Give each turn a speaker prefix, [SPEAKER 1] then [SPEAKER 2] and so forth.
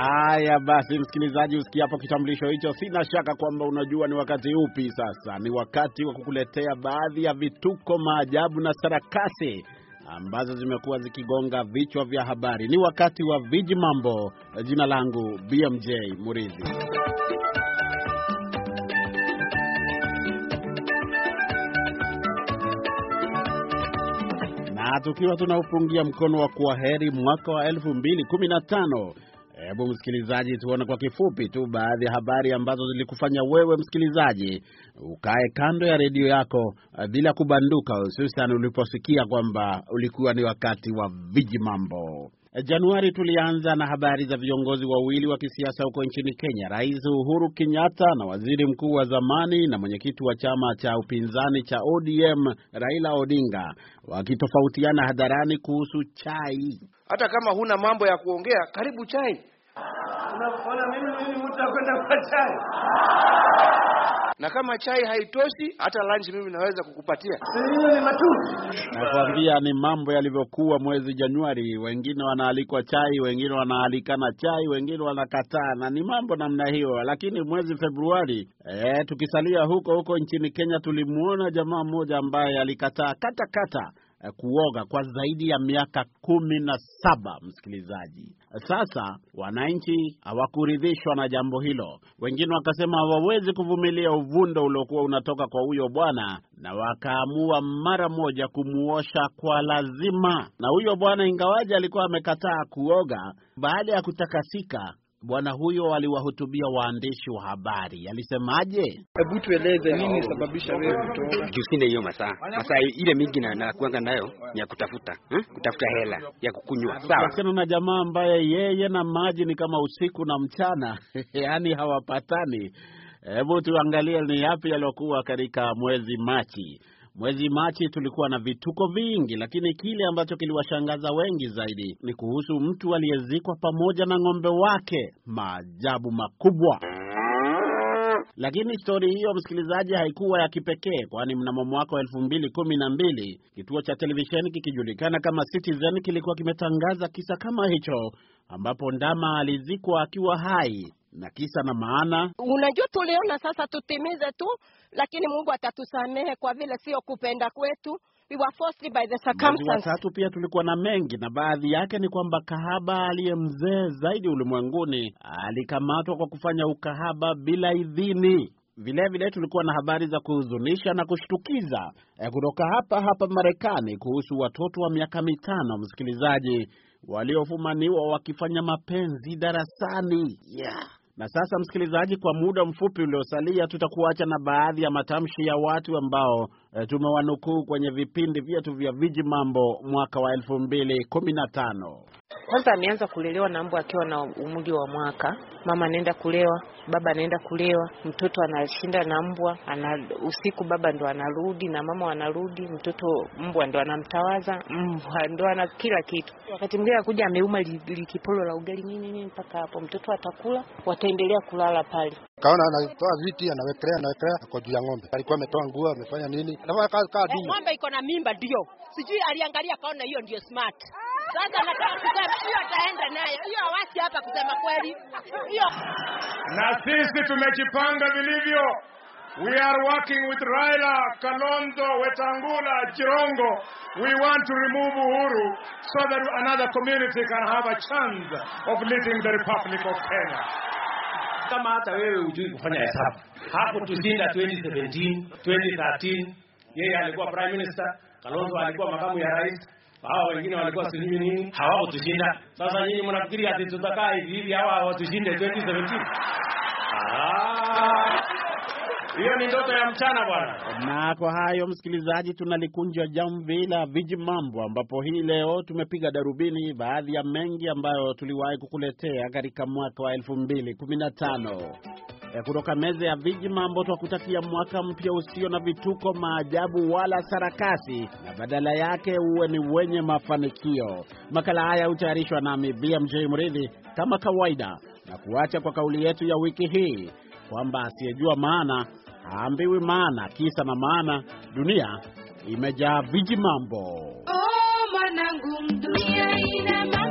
[SPEAKER 1] Haya basi, msikilizaji, usikia hapo kitambulisho hicho, sina shaka kwamba unajua ni wakati upi sasa. Ni wakati wa kukuletea baadhi ya vituko, maajabu na sarakasi ambazo zimekuwa zikigonga vichwa vya habari. Ni wakati wa viji mambo. Jina langu BMJ Muridhi. tukiwa tunaupungia mkono wa kuwaheri mwaka wa 2015 hebu msikilizaji, tuone kwa kifupi tu baadhi ya habari ambazo zilikufanya wewe msikilizaji ukae kando ya redio yako bila kubanduka, hususan uliposikia kwamba ulikuwa ni wakati wa viji mambo. Januari tulianza na habari za viongozi wawili wa kisiasa huko nchini Kenya, Rais Uhuru Kenyatta na waziri mkuu wa zamani na mwenyekiti wa chama cha upinzani cha ODM Raila Odinga wakitofautiana hadharani kuhusu chai. Hata kama huna mambo ya kuongea, karibu chai unaona mimi mimi mtakwenda kwa chai na kama chai haitoshi hata lunch mimi naweza kukupatia. Ni matusi. Nakwambia ni mambo yalivyokuwa mwezi Januari, wengine wanaalikwa chai, wengine wanaalikana chai, wengine wanakataa, na ni mambo namna hiyo. Lakini mwezi Februari, eh, tukisalia huko huko nchini Kenya, tulimwona jamaa mmoja ambaye alikataa kata kata Eh, kuoga kwa zaidi ya miaka kumi na saba. Msikilizaji, sasa wananchi hawakuridhishwa na jambo hilo. Wengine wakasema hawawezi kuvumilia uvundo uliokuwa unatoka kwa huyo bwana, na wakaamua mara moja kumuosha kwa lazima. Na huyo bwana, ingawaje alikuwa amekataa kuoga, baada ya kutakasika Bwana huyo aliwahutubia waandishi wa habari, alisemaje? Hebu tueleze nini sababisha wewe kutoka jusine hiyo masaa masaa ile mingi na, nakuanga nayo ni ya kutafuta ha? kutafuta hela ya kukunywa. Sawa, tena na jamaa ambaye yeye na maji ni kama usiku na mchana yaani hawapatani. Hebu tuangalie ni yapi yaliokuwa katika mwezi Machi. Mwezi Machi tulikuwa na vituko vingi, lakini kile ambacho kiliwashangaza wengi zaidi ni kuhusu mtu aliyezikwa pamoja na ng'ombe wake. Maajabu makubwa! Lakini stori hiyo, msikilizaji, haikuwa ya kipekee, kwani mnamo mwaka wa mbili kituo cha televisheni kikijulikana kama Citizen kilikuwa kimetangaza kisa kama hicho, ambapo ndama alizikwa akiwa hai na kisa na maana. Unajua, tuliona sasa tutimize tu, lakini Mungu atatusamehe kwa vile sio kupenda kwetu We were forced by the circumstances. Watatu pia tulikuwa na mengi, na baadhi yake ni kwamba kahaba aliye mzee zaidi ulimwenguni alikamatwa kwa kufanya ukahaba bila idhini. Vilevile vile tulikuwa na habari za kuhuzunisha na kushtukiza eh, kutoka hapa hapa Marekani kuhusu watoto wa miaka mitano, msikilizaji, waliofumaniwa wakifanya mapenzi darasani yeah. Na sasa msikilizaji, kwa muda mfupi uliosalia, tutakuacha na baadhi ya matamshi ya watu ambao Eh, tumewanukuu kwenye vipindi vyetu vya viji mambo mwaka wa elfu mbili kumi na tano. Kwanza ameanza kulelewa na mbwa akiwa na umri wa mwaka. Mama anaenda kulewa, baba anaenda kulewa, mtoto anashinda na mbwa ana, usiku baba ndo anarudi na mama wanarudi, mtoto mbwa ndo anamtawaza, mbwa ndo ana kila kitu. Wakati mwingine akuja ameuma likipolo li la ugali nini nini, mpaka hapo mtoto atakula, wataendelea kulala pale kaona anatoa viti anawekelea anawekelea kwa juu ya ng'ombe, alikuwa ametoa nguo amefanya nini, anafanya kazi kaa eh, duma. Ng'ombe iko na mimba, ndio sijui aliangalia kaona hiyo ndio smart. Sasa nataka kusema hiyo ataenda nayo hiyo, hawasi hapa kusema kweli hiyo. Na sisi tumejipanga vilivyo. We are working with Raila, Kalonzo, Wetangula, Chirongo. We want to remove Uhuru so that another community can have a chance of leading the Republic of Kenya kama hata wewe hujui kufanya hesabu. Hakutushinda 2017, 2013, yeye alikuwa prime minister, Kalonzo alikuwa makamu ya rais, hao wengine walikuwa sijui nini, hawakutushinda. Sasa nyinyi mnafikiri ati tutakaa hivi hivi hawa watushinde 2017? Ah. Hiyo ni ndoto ya mchana bwana. Na kwa hayo, msikilizaji, tunalikunja jamvi la viji mambo, ambapo hii leo tumepiga darubini baadhi ya mengi ambayo tuliwahi kukuletea katika mwaka wa 2015. E, kutoka meza ya viji mambo, twakutakia mwaka mpya usio na vituko, maajabu wala sarakasi, na badala yake uwe ni wenye mafanikio. Makala haya hutayarishwa nami BMJ Mridhi kama kawaida, na kuacha kwa kauli yetu ya wiki hii kwamba asiyejua maana haambiwi maana. Kisa na maana, dunia imejaa viji mambo. Oh, mwanangu, dunia ina